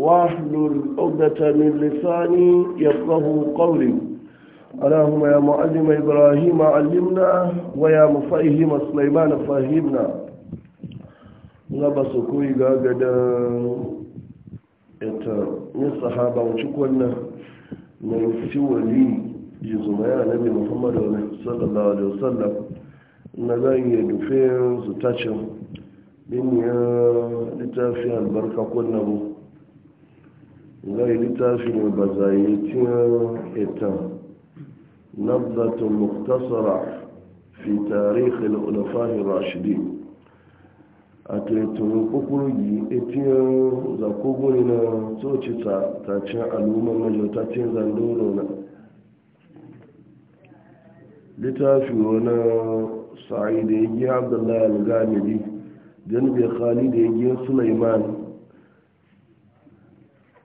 واحلل عقدة من لساني يفقه قولي اللهم يا معلم إبراهيم علمنا ويا مفهم سليمان فهمنا غبس كوي غاغدا ita yin sahaba wuce kwanan na rufi wali jizuma ya nabi muhammadu sallallahu alaihi wasallam na zan yi dufin su tacin din ya littafi albarka kwanan ilẹ̀ littafi fi ní bàtà yìí tí wọ́n ètàn nàbàtà mọ̀tàsára fi tààrí ìkẹlẹ̀ ọ̀nàfàáhìn rashidi àti ètò kúkúrú yìí etí wọn zàkógún ní náà tó ti ta tàkí àlùmọ́ mẹ́jọ tá ti ń za lóró náà lítà fi wọn náà sàáyé dèjì abdullahi alghamidi jẹ́nubẹ̀ khalid dèjì sulaiman.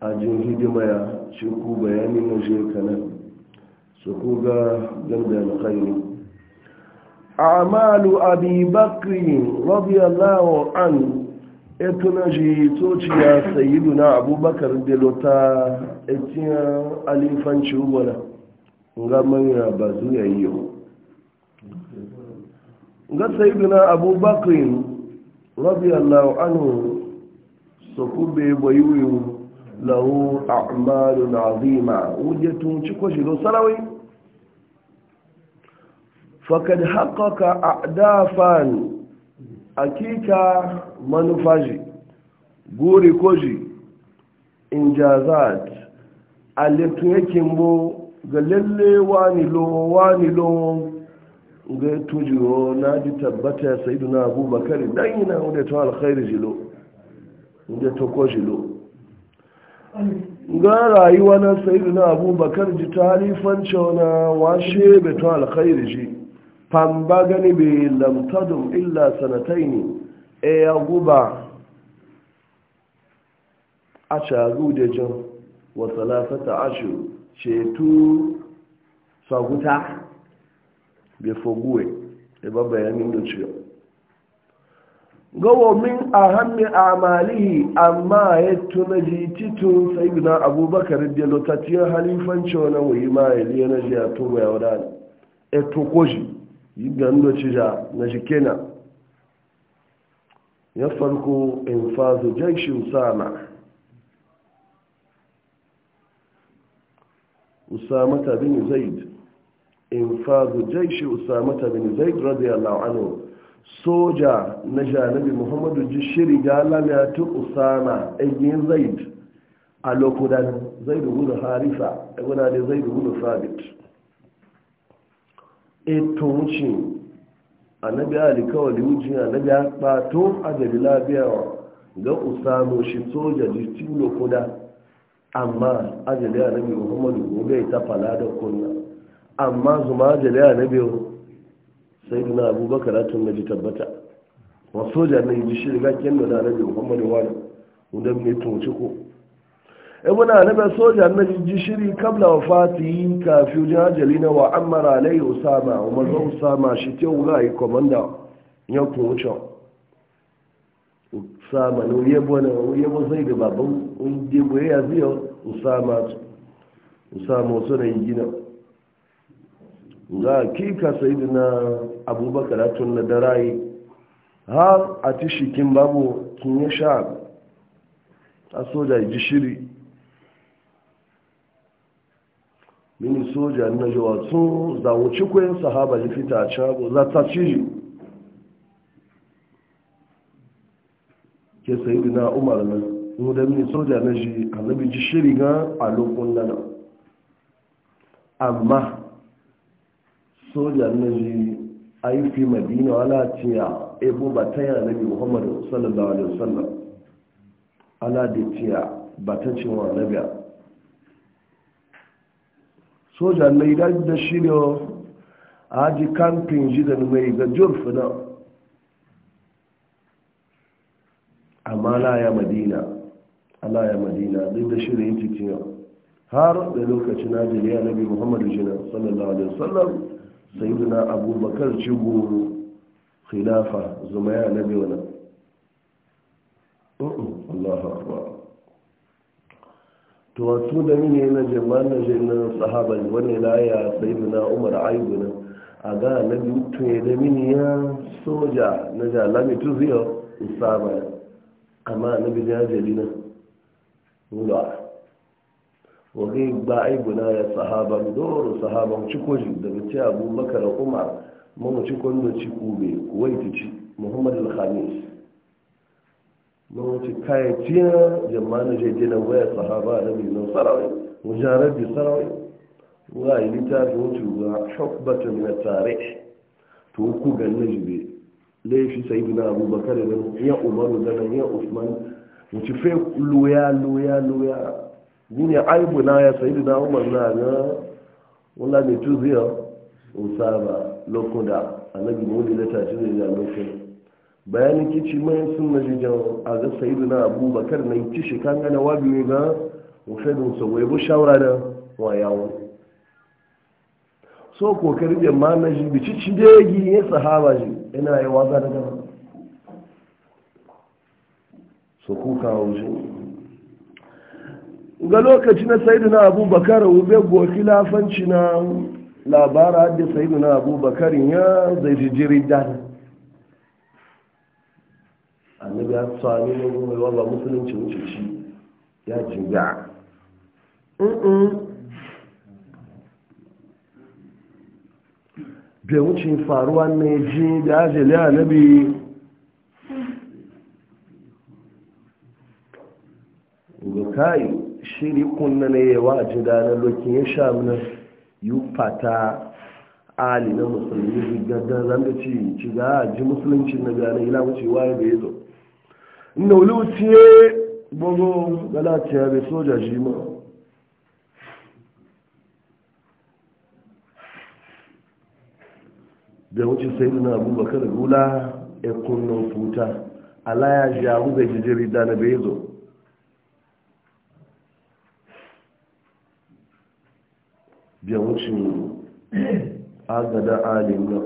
ajin hidima ya shi ku bayanin na shekanan su ku ga ganda alkhairi amalu abi bakri radiyallahu an etuna shi tociya na abubakar delota etiya alifanci ubala nga manya ba zuya yiwu ga sayiduna abubakar radiyallahu anu su ku bai bayuwiwu lahu a'malun azima wuje tun ci ko shigo sarawai fakad haqqaqa a'dafan akika manufaji guri koji injazat aletun yake mbo ga lalle wani lo wani lo ga tujiro na ji tabbata sayyiduna abubakar dan yana wanda to alkhairi jilo wanda to ko jilo ga rayuwa na sayidu na abubakar ji tarifan cewa washe beton alkhairi shi famba gani bai lamtadun illa sanatai ne e ya guba a shagu da jan wa salafata ashu ceto saguta bai foguwe da babbayanin da ciwo gawo min a hammi amalihi amma ya tuna ji titun sai guda abubakar da lokacin halifanci wani wuyi ma ya liya na jiya to ya wada ya e toko shi yi gando ci ja na shi kena ya farko in fazo jakshin sama usama ta bin zaid in fazo jakshin usama ta bin zaid radiyallahu anhu soja na janabi muhammadu ji shiri ga ta usama egin zaid a lokudan zaidu gudu harifa eguna da zaidu gudu sabit eto wuce annabi alikawali wuce annabi ya kpato a gari labiyawa ga usama shi soja ji ci lokuda amma a ajali annabi muhammadu gobe ta fala da kunna amma zuma a ajali annabi sai duna abubakar atun na tabbata wasu soja na yi shi ga kyan da zanabi muhammadu wani wanda mai tunci ko ibn e, anabi soja na ji shiri kabla wa fatihi kafi wajen ajali na wa ammar alai usama umar zan usama shi ke wula yi komanda ya wuce usama ne wuye bane wuye bo sai da babban wuye bo ya ziyo usama usama wasu na yi gina ga kika sayidina abubakar atun na darayi har a shikin babu kin ya sha a soja ji shiri mini soja na jawa sun zawuci kwayin sahaba ji fita a shago za ta ciji ke na umar na mu da mini soja na ji annabi ji shiri ga a lokun nana amma soja na ji aifi madina wala ciya ebu eh, ba ta yana nabi muhammadu sallallahu alaihi wasallam ala da ciya ba ta ci wa nabi soja na idan da shi ne a ji kamfin ji da mai ga jurfi na amma la ya madina ala ya madina duk da shi shirin cikin har da lokacin ajiyar nabi muhammadu jina sallallahu alaihi wasallam sayyiduna abubakar ci goro khilafa zuma ya nabi wani allahu akbar to wasu da mini na jaman na jinnan sahaban wani laya sayyiduna umar aibuna a ga na nabi ya da mini ya soja na jalami tuziyo usama amma na nabi jajalina wula وغير باعي بناية صحابة دور صحابة وشكوشي دبتي أبو بكر وعمر مو تكون تشكو بي كويتي محمد الخميس مو تكاي تيا جمعنا جاي تينا ويا صحابة نبي نو صراوي مجارد صراوي وغاي لتار نوتي حقبة من التاريخ توكو جنج بي ليش سيدنا أبو بكر يا عمر يا عثمان وتفيق لويا لويا لويا, لويا. gini aibu na ya sayidu na umar na ga wula mai tuziya usama lokuda annabi mawuli da tashi zai ya lokuda bayani kici mai sun na jijan a ga sayidu na abubakar na yi shi kan gana wabi ne ga musaidun sa wai bu shawara da wa yawon so kokarin da ma na ji bici ci da ya gi ya sahaba ji yana yi wasa da gaba so kuka wuce ga lokaci na Abu abubakar wube go khilafanci na labara da Abu abubakar ya zai ji jiridan annabi ya tsani ne mai wala musulunci wuce shi ya jiga bai wuce faruwa ne ji da ajiyar annabi ga kayi shiri kunna ne ya a ji danar lokin ya sha mana yi fata ali na musulmi gaggan zanda da ci ci ga ji musulunci na gane ila wuce waye da ya zo na ya bugu galaciya bai soja shi ma da wuce sai na abubakar gula ya kunna futa ala ya ji abubakar jijiri da na bai zo biya wucin agada alim nan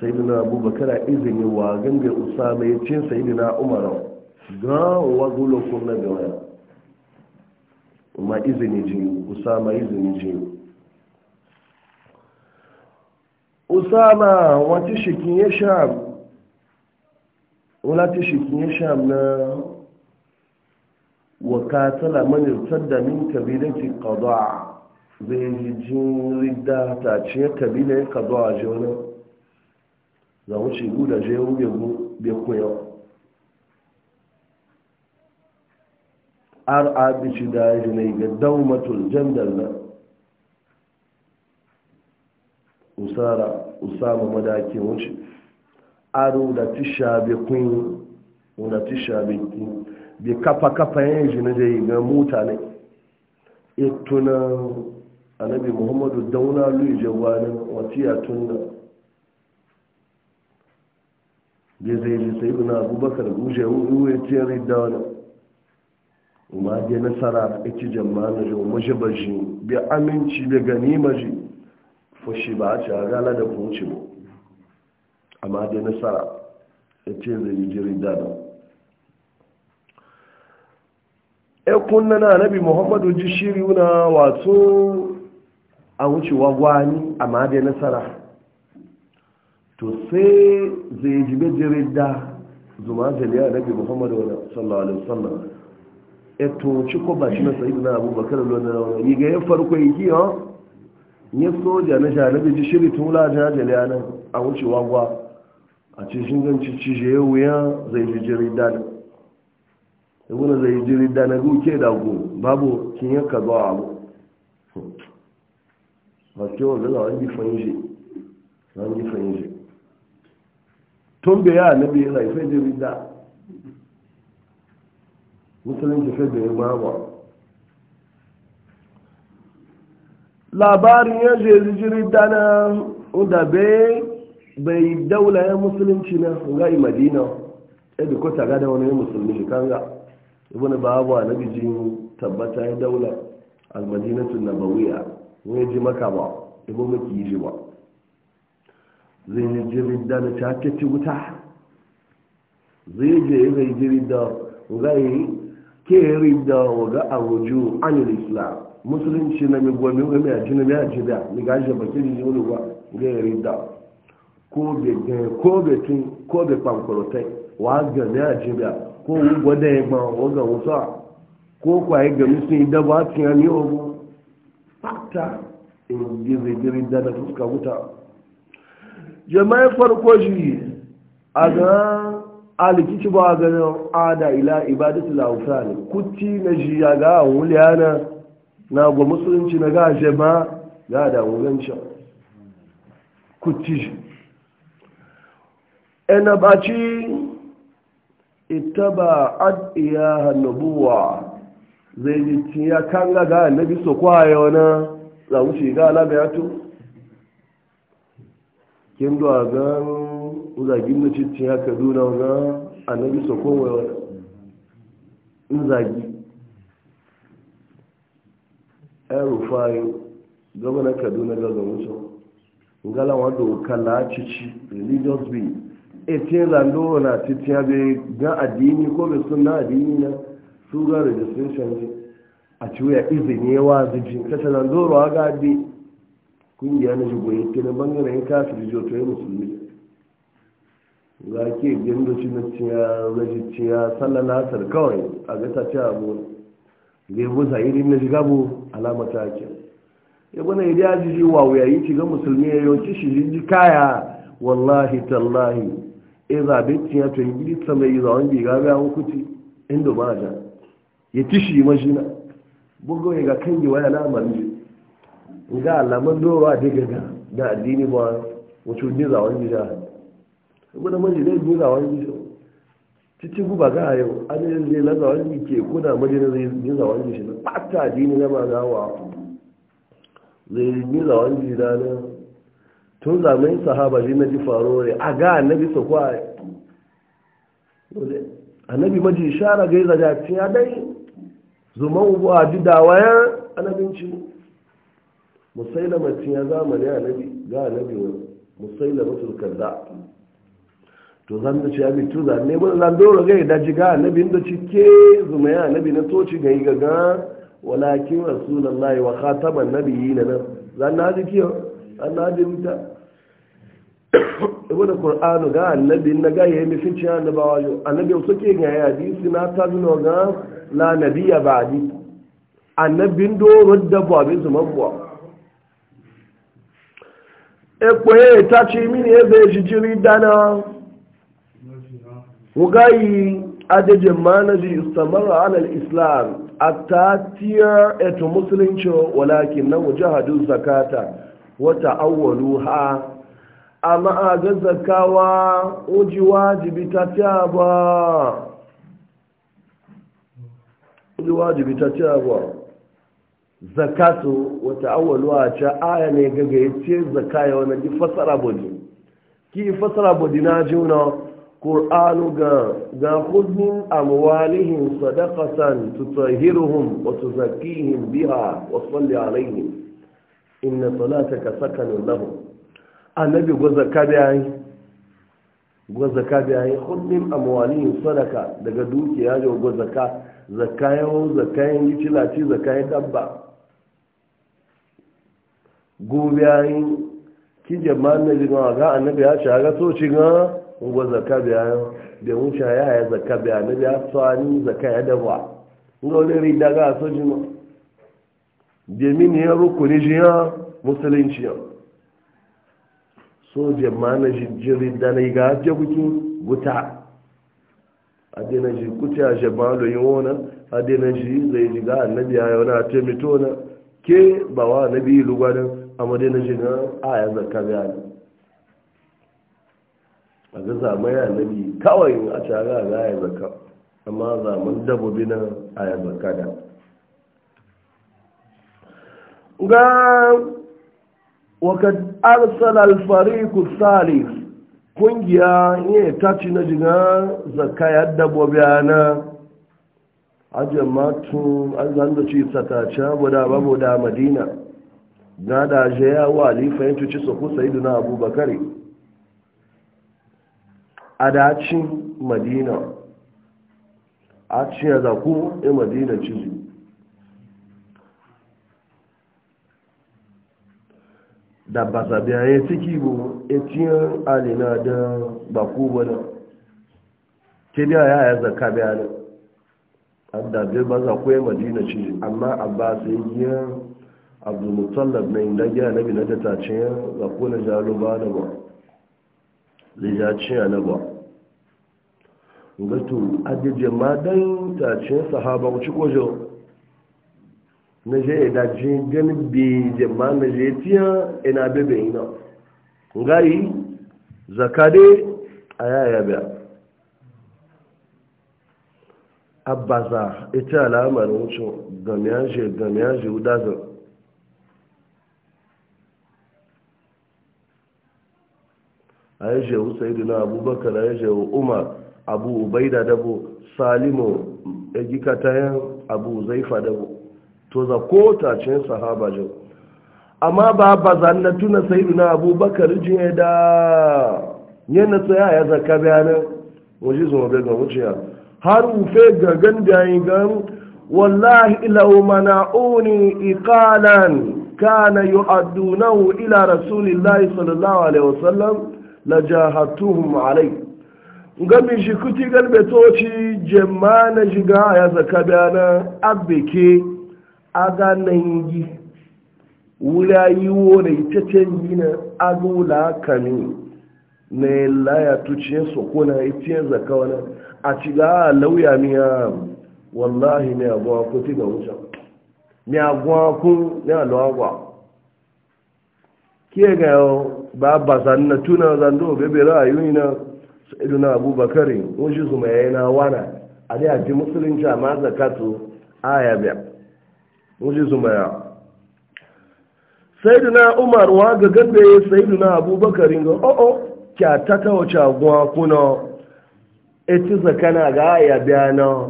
sai dina abubakar izini wa gangar usama ya ce sai dina umaru ga wagulo kuma ga wani ma izini ji usama izini ji usama wata shikin ya sha wata shikin ya sham na wakatala katala man irtadda min kabilati qada zai yi jin ridda ta ce kabila qada a za mu ci guda je mu be ku be ar abici da ya ne ga daumatul jandal na usara usama madakin wuce aro da tisha be kun da tisha bai kun bi kafa kafa yin shi na yi ga mutane ituna annabi muhammadu dauna luyi jawanin ya tunna bi zai ji sai guna abubakar guje ruwa ce ridda wani ma da nasara ita jama'a na ba majibaji bi aminci bi gani maji fushi ba a ci a gala da kunci ba amma da nasara ake zai ji da. wani ekunna na nabi muhammadu ji shiri na wato a wucewa gwani a madai nasara to sai zai ji bejirin da zuma zaliya nabi muhammadu wa sallallahu alaihi wasallam eto ci ko ba shi na sa'idu na bakar lona yi ga ya farko yi ki kiyo ya soja na nabi ji shiri tun wula jana zaliya nan a wucewa gwa a cikin ganci cije wuya zai ji jirin da wani zai jiri da na guke da gu babu kin ya ka zuwa abu masu yawon zala wani gifan yi wani gifan yi tun bai ya nabi ya zai fai jiri da musulunci fai bai mawa labarin ya jiri jiri da na wanda bai bai daula ya musulunci na ga madina ya dukota ga da wani musulmi shi kan ga ibn babu na nabijin tabbata ya daula na bawuya wani ji maka ba ibn maki yi ba zai yi jirin da na cakeci wuta zai je zai jirin da yi ke wa waga a an yi islam musulunci na mi gwami wani a jini ya ji da ga gashi bakin yi wani ba yi rida ko be tun ko be pankorotai wa ga ne a ji ko wu gwada ya ba wa ga wuta ko kwaye ga musu da ba su yi wa bu fata in ji zikirin da na fuska wuta jama'i farko shi a ga alikici ba ga ada ila ibadatu lawsani kuti na shi ya ga wuliyana na go musulunci na ga jama'a ga da wulanci kuti ena baci ittaba taba nubuwa zai ji tiya kan ga ga annabi so kwayo na za mu shiga alaba ya to kin do ga uzagin da cikin ya kaduna ga annabi so kwayo nzagi zagi e ɗan rufayo gwamnan kaduna ga gamusu ngalawa dokar na cici religious being ete zandoro na titiya bai ga addini ko bai suna addini na su ga registration ji a ya izini ya wazi ji kashe zandoro a gadi kungiya na jigoyi ke na bangaren kafin joto ya musulmi ga ke gendoci na ciya rashi ciya sallar nasar kawai a gata ce abu ga yi buza irin na jigabu alamata ake ya bana yi daji ji wa wuyayi ci ga musulmi ya yauci shi ji kaya wallahi tallahi e zabe ya to yi gidi sama yi zawon biga ga hukuci kuti inda ba ja ya tishi mashina bugo ya ga kan yi waya na marji ga alaman dorowa daga da da addini ba wato ne zawon gida kuma da maji dai ne zawon gida cikin guba ga yau an yi zai na zawon gida ke kuna majina zai yi zawon shi na ɓata addini na ma wa? zai yi zawon gida na tun zamanin sahaba zai na ji farore a ga annabi su kwa annabi maji shara ga iza cin ya dai zuma ubu a ji dawayan annabinci musailama tiya zamani annabi ga annabi wani musailama turkanda to zan da ci bi tu zan ne wani zan dole ga da ji ga annabi inda cike zuma ya annabi na toci ga yi gaga walakin rasulullahi wa khataman nabiyina nan zan na ji kiyo Allah da wuta ibn qur'an ga annabi na ga yayi mifinci annabawa yo annabi so ke ga hadisi na ta bino ga la nabiyya ba'di annabin do rodda ba be zuma ba e ko e ta ci mini e be jijiri dana wugayi adeje manaji istamara ala al-islam atatiya eto musulunci walakin na wajahadu zakata wata awwalu ha amma a gazzakawa oji wajibi ta ta ba wajibi ta ta ba zakatu wata awwalu a ce aya ne ga ya ce zakaya wani ji fasara bodi ki fasara bodi na juna ƙur'anu ga ga hudun amwalihim sadaqatan tutahhiruhum wa tuzakkihim biha wa salli alaihim inna salataka sakanun lahu annabi gwaza kabiyayi gwaza kabiyayi kullum amwalihim sadaka daga dukiya da gwaza ka zakayo zakayen gicilaci zakayen dabba gobiyayi kije ma na jima ga annabi ya ci ga soci ga ngwa zaka biyayi da mun sha ya ya zaka biyayi annabi ya tsani zaka ya dabba ngole ri daga soci mu domin ya rukuni jiya musulunci ya so jama na jirin da na yi ga hajji bukin buta adina ji kuce a jama yi wona adina ji zai ji ga annabi a yau na taimito na ke ba wa annabi lugwanin a madina ji na aya zarka biya ne a ga zamai annabi kawai a tare a ga aya zarka amma zaman dabobi na aya zarka da ga wakad arsala alfariku salis kungiya ne ta ci na jiga da yadda bobiyana a jama'atun an ci tsatace babu da madina na da jaya wa alifayin cuci su kusa idu na abubakar a dacin madina a da ku e madina cizi da ba zabi a yi ciki bu etiyan alina da baku bane ke biya ya yi zaka biya ne adda bai ba za ku yi madina ci amma abbas ya yi abdulmutallab na inda giya nabi na data ce ya zaku na jalo ba da ba lijaci a na ba gato adijin ma dan ta ce sahaba ci kojo na je da je gani bi jemma na je tiya ina bebe ina ngai zakade aya ya biya abaza ita alamar wucin gamiyaje gamiyaje udazar a yaje usaidu na abubakar a yaje umar abu ubaida dabo salimu ya abu zaifa dabo to za ko tacin sahaba jin amma ba ba zanna tuna sayidu na abubakar jiya da yana tsaya ya zaka bayanan waje zuwa bai ga wuciya har ufe ga ganda yi gan wallahi mana uni iqalan kana yu'addunahu ila rasulillahi sallallahu alaihi wasallam jahatuhum alai gami shi kuti galbe toci jemma na jiga ya zaka bayanan abike aga nan yi wula yi wore itacen yi na agula aka ne na laya tuciyar sokona itiyar zaka wani a ciga lauya miya wallahi ne abuwa ko ti ga wuce ne abuwa kun ne alawagwa ke ga yau ba ba san na tuna zando bebe ra'ayoyi na saiduna abubakar wajen su mai yana wana a da yaji musulunci a ma zakatu ya biya wuji zumaya sai na umar wa ga ganda sai na abubakar ga o'o oh, oh, kya ta ta wace aguwa kuna eti zakana ga ya biya na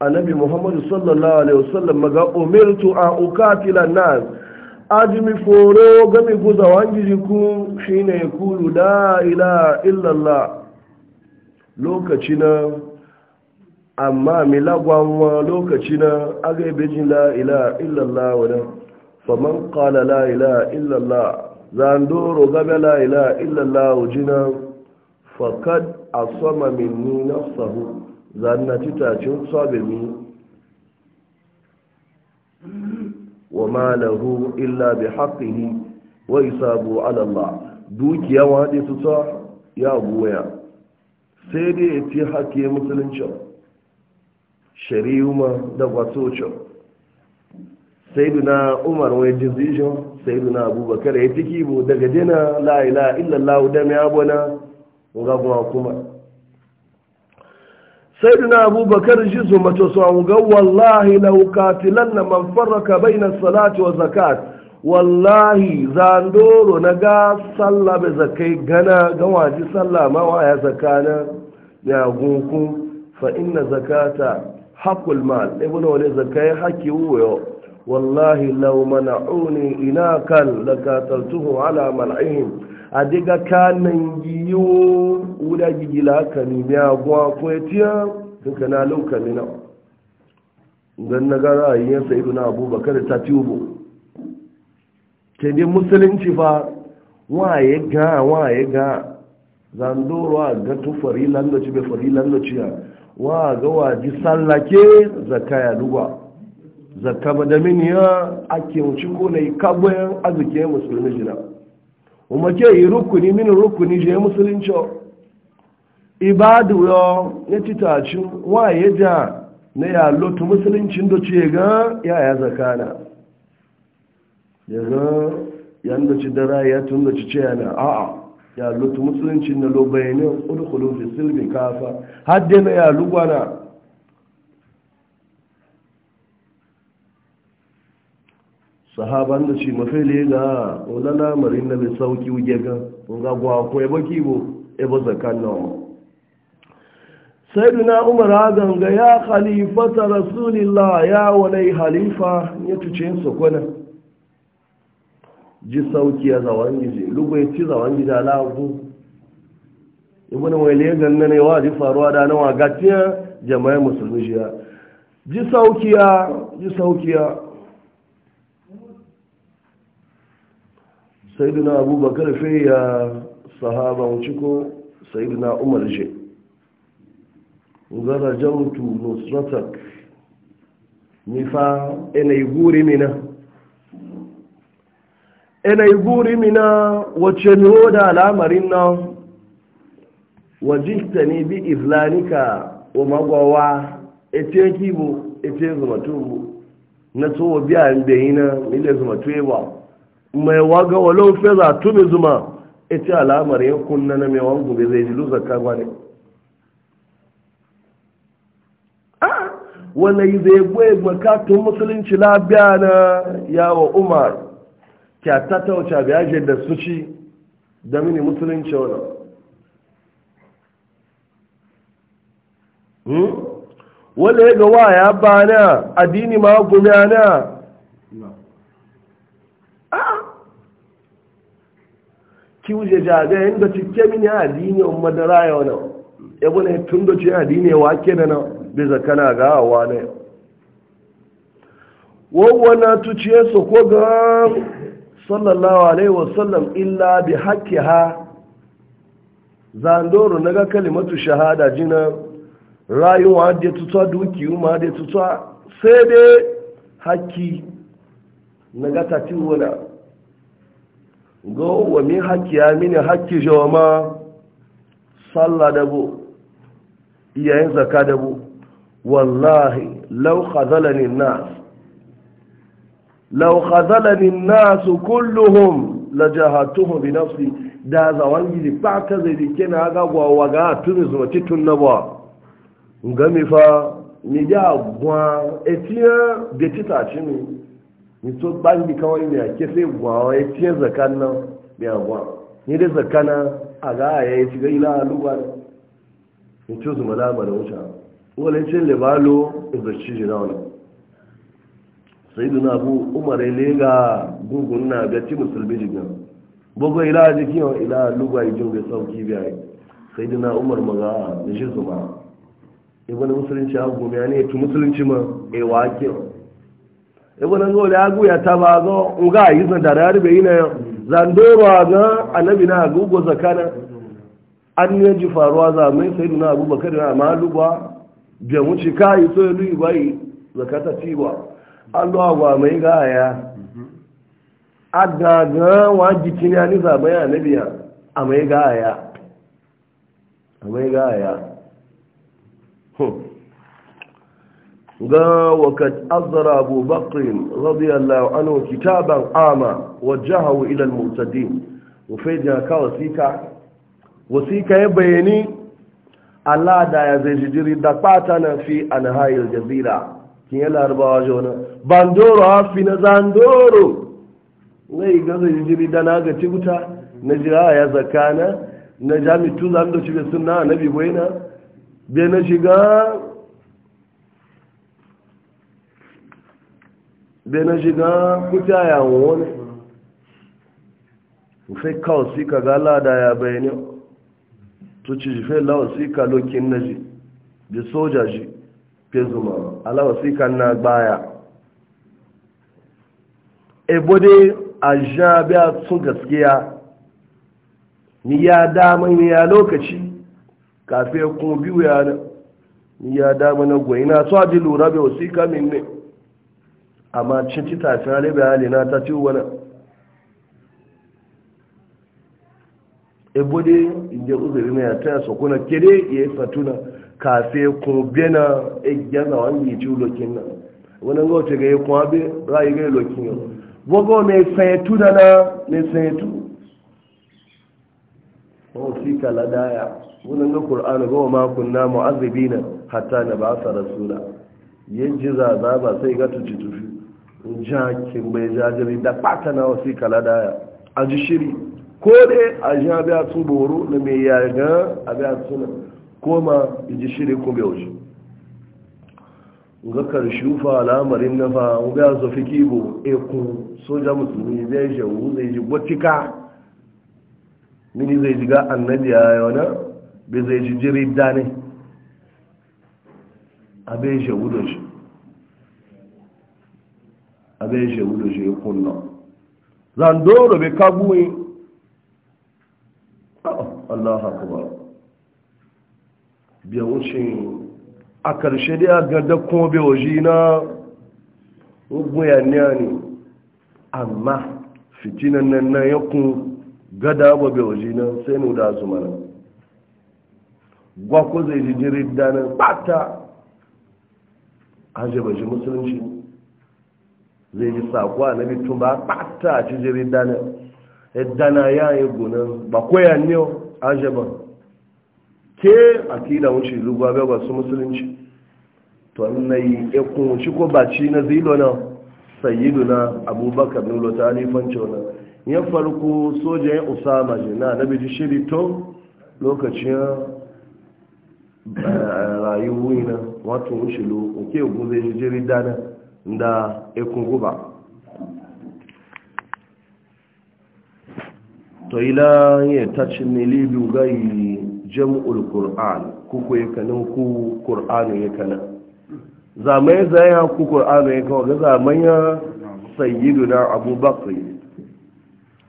annabi muhammadu sallallahu alaihi wasallam maga umirtu a ukatila nas ajimi foro gami guza wangiji ku shine kulu da ila illallah lokaci na amma milagwan wa lokaci na agaibejin la'ila illallah wani faman kala la'ila illallah zandoro gabe la'ila illallah wujina fakad a sama minni na sahu zannati tacin sabimi wa ma lahu illa bi haqqihi wa isabu ala Allah dukiya wadi su ta ya buya sai dai ya ci hakke musulunci shari'uma da gwatocin sai duna umar wani jizishin sai duna abubakar ya fi bu daga jina la'ila illallahu da mai abona ga kuma kuma sai duna abubakar shi su mace su an ga wallahi laukatilan na man bai na salatu wa zakat wallahi za ndoro na ga sallah bai zakai gana ga waji sallah mawa ya zakana ya gunkun fa inna zakata haƙul mal ibn wani zaka ya haƙi wuyo wallahi lau mana'uni ina kan da katartuhu ala mal'ihim a diga kanan yiwu wuda gigila ka nemi agwa ko ya tiya duka na lauka na don na gara yin sa ibn abubakar ta tubu ke ne musulunci fa waye ga waye ga zandoro a ga tufari farilan da ci be ci ya wa ga waji sallake zaka ya lugwa zaka ba bada min ya ake wuce ko ne kagwayen arziki musulmi jina kuma ke yi rukuni min rukuni je musulunci ibadu yo ya ci tashi wa ya ja na ya lotu musuluncin da ce ga ya ya zakana ya ga yanda ci dara ya tun da ci ce yana a'a ya lutu musulunci na lo bayani udkhulu da silmi kafa hadde na ya lugwana sahaban da shi mafele ga olala marin na mai sauki wuge ga ga ko ya baki bo e ba zakan na sayyidina umar ganga ya khalifata rasulillah ya wani halifa ya tuce su kwana ji sauki ya zawon gizi, lugu ya ci zawon gije alagu ibn wale ganna ne wa ji faruwa da nawa gatiya jama'a musulmi jiya ji sauki ya ji sauki ya sayyidina abubakar fe ya sahaba wuciko sayyidina umar je gara jautu nusratak nifa ina yi guri mina ina yi guri mina wacce miho da al'amarin nan wajikta ne bi islanika wa magwawa ete kibo ete zumatu na tsoho biya da yi na mile zumatu yawa mai waga walau feza tumi zuma ete al'amarin kunna na mai wangu bai zai jilu zakka ne. wanda yi zai gwe makatun musulunci labiya na yawa umar kyata ta wuce biyaje da su ci da mini musulunci wani hmm? wanda ya gawa ya ba na addini ma gumiya na ki wuce jaga yin cike mini adini on madara ya wani ebe ne tun da ce addini wa ke da na bisa zakana ga awa ne wawana tuciye su ko ga sallallahu alaihi wasallam illa bi haqqiha zandoro naga kalimatu shahada jina rayuwa da tutsa duki ma da tutuwa sai dai haqqi naga tati wala go wa min haqqiya min haqqi jawama salla bu iyayen zakka bu wallahi law khazalani nas lau khazalani nasu kulluhum la jahatuhu bi nafsi da zawan gidi fata zai dike na ga gwawa ga tuni zuwa titun na ba ngami fa ni ja gwa etia de tita chimi ni to bangi kawai ne ake sai gwawa etia zakan nan bi agwa ni da zakana a ga ya yi shiga ila lugwa ni to zuma da mara wuta wala cin lebalo izaci jina wannan sai na abu umar lega gungun na gaci musulmi jigan bugu ila jiki wa ila lugwa ijin bai sauki biya sai na umar maga da shi zuma ibn musulunci agu ya ne tu musulunci ma e wake ibn go da agu ya ba go nga yi zan da rari yi na zandoro na annabi na gugu zakana an ji faruwa zamai sai na abubakar na ma lugwa bai wuce kai so yi bai zakata ciwa Allah ba mai gaya a gaga wa jiki ne ni zaɓe a nabiya a mai gaya a mai gaya ga wakat azara abu bakrin radiyallahu anhu kitaban ama wajahahu ila al-murtadin wa fayyana ka wasika wasika ya bayani Allah da ya zai jiri da patana fi anhayil jazira kiyan larabawa jona bandoro hafi na zandoro zai gaza jiri da na ga ciguta na jira ya zakana na jami'tu tuzan da shi bai ne bi boyna bai na shiga bai na shiga kuta ya wani sai kawo sika ga lada ya bayani to ci jife sika lokin na ji da soja ji pezuma alawasi kan na gbaya ebode a ja biya sun gaskiya ni ya dama ni ya lokaci kafe kuma biyu ya ni ya dama na goyi na so aji lura bai wasi min ne amma cin ci tafi halibai halina ta ci wani ebode inda uzuri na ya taya sokuna kere ya yi fatuna kafe ko bena egyaza wangi ci lokin nan wani ga wace ga yi kuma bi ra'ayi ga lokin yau gogo ne sayetu da na ne sayetu ko fi kala daya wannan ga qur'ani ga ma kunna mu'azzibina hatta na ba sa rasula yaji zaza ba sai ga tuci tufi jakin bai jajiri da pata na wasi kala a aji shiri ko dai a jabi a tuboro na mai yaga a bi a tunan koma iji shiri ko bai wuce ga karshe fa al'amarin na fa ga zafi fiki bo e eh, ku soja musulmi zai je zai ji gotika mini zai ji ga annabi yau na? bai zai ji jiri dane abin je da shi abin je da shi e kunna zan bai be kabuwe Allah ba biya wucin a ƙarshe da a gada kuma bai waje na guyanniya ne amma fitinan nan na kun gada ba bai waje na sai ne da zuma na gwakwa zai ji jirin danar bata ajiye ji musulunci zai ji sakwa na bitun ba bata a ci jirin danar ya dana ya yi gunan ba koyan ne ajiye ke akida wuce lugwa bai ba su musulunci to na yi ikun wuce ko baci na zilo na sayidu na abubakar nulo ta alifanci wani ya farko sojan ya usama ji na na biji shiri to lokacin eh, rayuwa na wato wuce lo oke ogun zai ji jiri dana da ikun guba to ila ya tacin ne جمع القرآن كوكو يكنو كو قرآن يكنو زامي زايا كو قرآن يكنو زامي سيدنا أبو بكر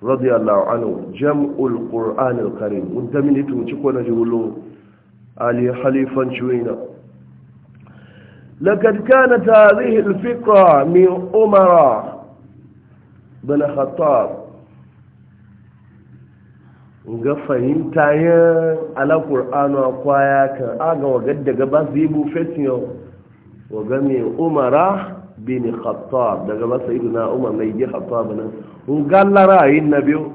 رضي الله عنه جمع القرآن الكريم وانت من يتو تشكو نجولو علي حليفا شوينا لقد كانت هذه الفكرة من أمرا بن خطاب ga fahimta yin alakur'anu a kwaya kan aga wagar daga ba su yi bufetin yau waga mai umara bin khattab daga ba sai na umar mai yi khattab nan un galla ra'ayin na biyu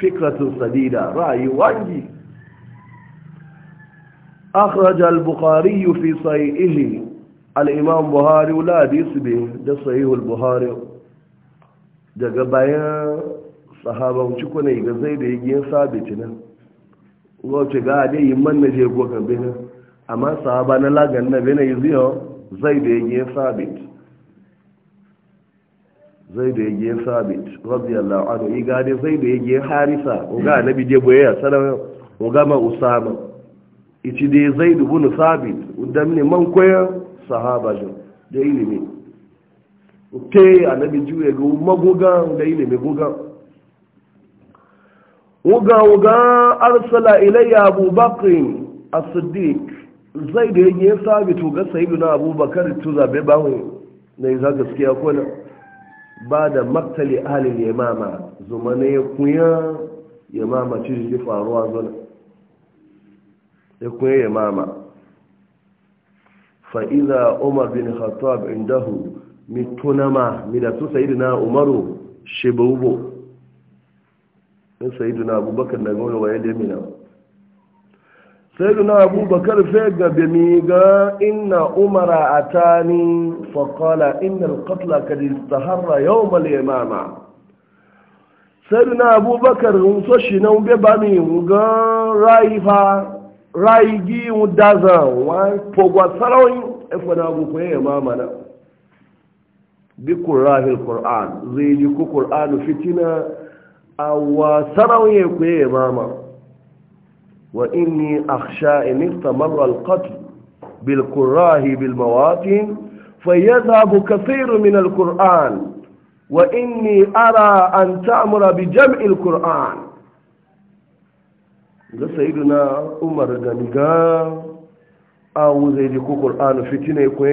fikratun sadida ra'ayi wangi akhraj al-bukhari fi sahihi al-imam buhari wala hadis bi da sahih al-buhari daga bayan sahabanci wuce yi ga zai da giyan sabiti nan wace wuce ga dai yi man na je ko kan amma sahaba na lagan na bena yiziyo zai da giyan sabit zai da yagiyan sabit radiyallahu anhu iga dai zai da giyan harisa na annabi je a sallallahu ga ma usama da dai zai da bunu sabit dan ne man koyar sahaba jo da ilimi te annabi juya ga magogan da ilimi gogan wuga wuga arsala ilayya abubakar a siddiq zai da yake sabitu ga na abubakar tu zabe bawo yi za gaskiya ko na ba da maktali ahlil yamama ya kuya yamama ci ji faruwa zuna ya kunya yamama mama. Fa'iza umar bin khattab indahu mitunama midatu na umaru shibubu in sayiduna abubakar na gauya waye da mina sayiduna abubakar sai gabe mi ga inna umara atani faqala inna alqatla kad yau yau al mama sayiduna abubakar Musa, so shi na be ba mi ga rai fa rai gi daza wa pogwa sarawin efo na abubakar ya e mama na bi qur'anil qur'an zai ji ku qur'anu fitina أواسروني كي ماما وإني أخشى إن استمر القتل بالكراه بالمواطن فيذهب كثير من القرآن وإني أرى أن تأمر بجمع القرآن سيدنا عمر غنغا أو زيدي القرآن قرآن فتنة يكون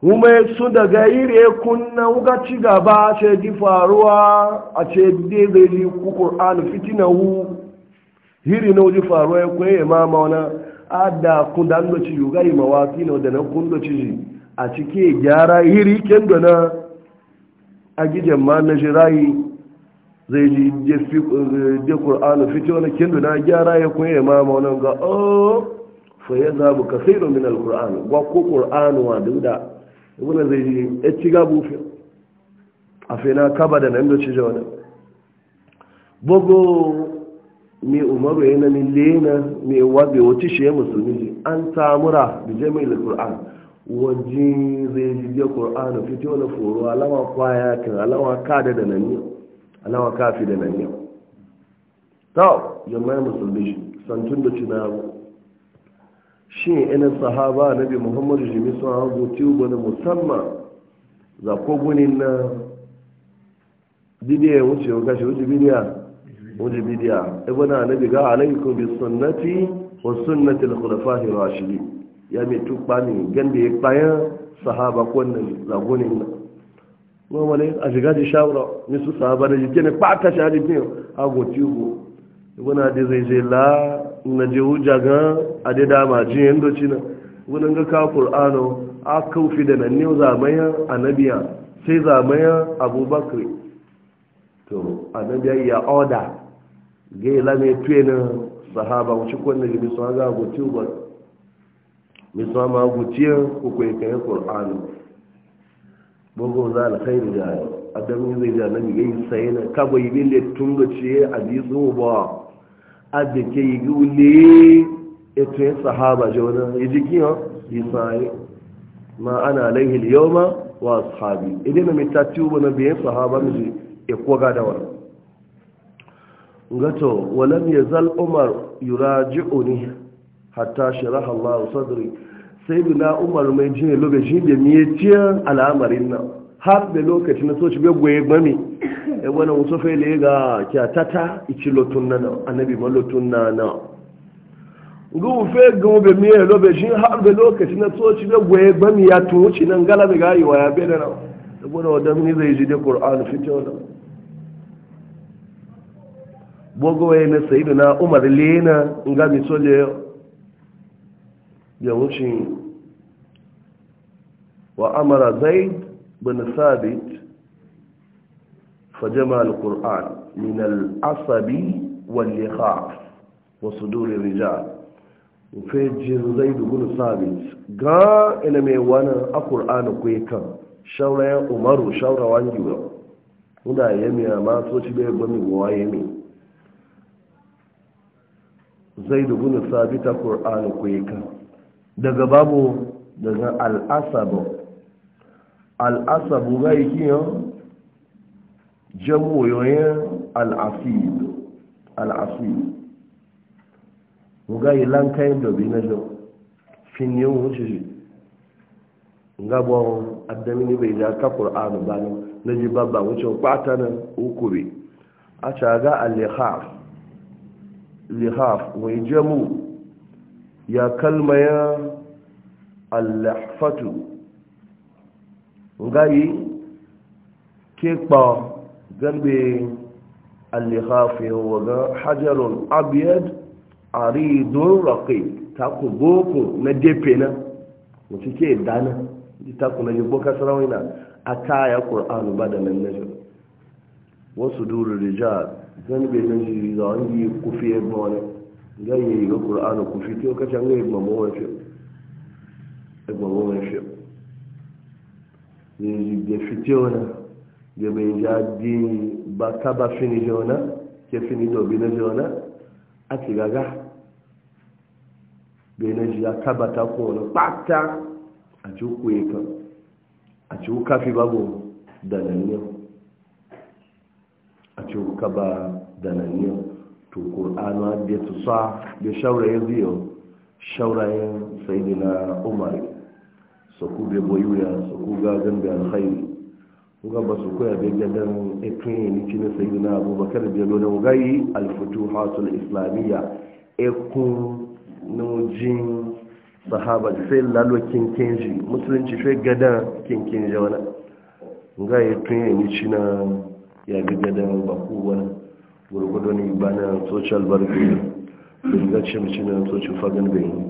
kuma su daga ire kunna wuga ci gaba ce ji faruwa a ce dai zai ji ku ƙur'an fitina hu hiri na wuji faruwa ya kwaye ma mauna adda kun da an ci yuga yi mawaki na da na kun ci a cike gyara hiri ken da na a gijan ma na jirayi zai ji je ƙur'an fitina ken da na gyara ya kwaye ma mauna ga o oh, fa ya zabu kasiru min al-ƙur'an wa ku ƙur'an wa duda ibuna zai ji ya ci gabu fi a fina kaba da nan doci ci jawa bogo umaru yana mi lena mi wabe wata shi ya musulmi ji an tamura da jami'il qur'an wajen zai yi da qur'an fi ta wani foro alama kwaya kan alama kada da nan yau alama kafi da nan yau to yamma musulmi shi santun da ci na shi yan sahaba nabi muhammadu jimi sun hango tubu na musamman za ko gunin na bidiya wuce yau kashi wuce bidiya wuce bidiya ibana nabi ga alaikum bi sunnati wa sunnati al-khulafa'i rashidi ya mai tukpa ne ganda ya bayan sahaba ko wannan za gunin na normally a shiga ji shawara nisu sahaba da jike ne kpata shahadi biyu hago tubu ibana da zai zai la na je hujja ga adida ma ji yando ci na wurin ga ka qur'ano a kaufi da nan ne zamaya annabiya sai zamaya abubakar to annabiya ya order ga ila me tuena sahaba wuci ko ne bi so ga go tuba mi so ma go tiya ko ko kai qur'ano bogo za alkhairi da adam ne zai da nan ga yi sai na kabo yi bin da tungo ciye a bi zuwa abeke yi wule eto yin sahaba jona yi kí yan yi ma ana alaihi ma wa sahabi idan na mita tubu na biyan sahaba miji ikuwa gadawa gato walam ya zal umar yuraji'u ni hatta shiraha Allah sadri sai bi na umar mai jini lobe shi da miyaciyar al'amarin nan har da lokaci eh, na soci bai goye gbami ya wani wasu fele ga kyatata ici lotun na annabi ma lotun na na gugu fe gugu bai miye lobe shi har da lokaci na soci bai goye gbami ya tuwuci nan gala bai gayi wa ya bai da nan da gwada wadda mini zai ji da ƙor'an fito wadda bogowai na sayidu na umar lena nga mi sole ya wuce wa amara zaid bin sabit fajama al-qur'an min al-asabi wal liqa wa sudur rijal fe jin zaid bin sabit ga ina mai wani al-qur'an ko yakan umaru shaurawan giwa muna yami ma so ci bai zai daga babu daga al'asaba al'asabu gai kiyan jamu yoyin al'asib al'asib gai lankayin dobi na jau fin yin wuce shi gabon addamini bai ja ta ƙur'anu ba ne na ji babba wuce kwata nan ukuri a caga al-lihaf lihaf mai jamu ya kalmaya al-lahfatu Nga yi ke kpa ganbe wa waga hajarun abiyad aridun raƙi taku boku na depe na ci ke dana ta taku na boka kasarawa na a kaya ƙur'anu ba da nan na jiro wasu duru rija ganbe na jiri za yi kufi ya gbọ wani yi ga kur'anu kufi ke kacin ga yi gbamma wani fi zai fitiona fito na ga di ba ka ba fini jona ke fini dobi na jona ati gaga bai na ji kaba ta kowane pata a ci kuwa ati a ci kafi babu da nan yau a ci kaba da nan yau to ƙur'anu da tusa da shaurayen biyu shaurayen sayidina umar sọkú bẹ bọ suku ga sọkú alkhairi bẹ alhairi nga ba su ya bẹ gadan ekin ni kini sayi na abubakar bẹ lona gayi alfutu hatul islamiyya ekun nujin sahaba sai lalo kinkinji musulunci fai gadan kinkinji wani nga ya tunye ni cina ya bi gadan baku wani gurgudu ne ba social barbe da ga cimci na social fagen bayan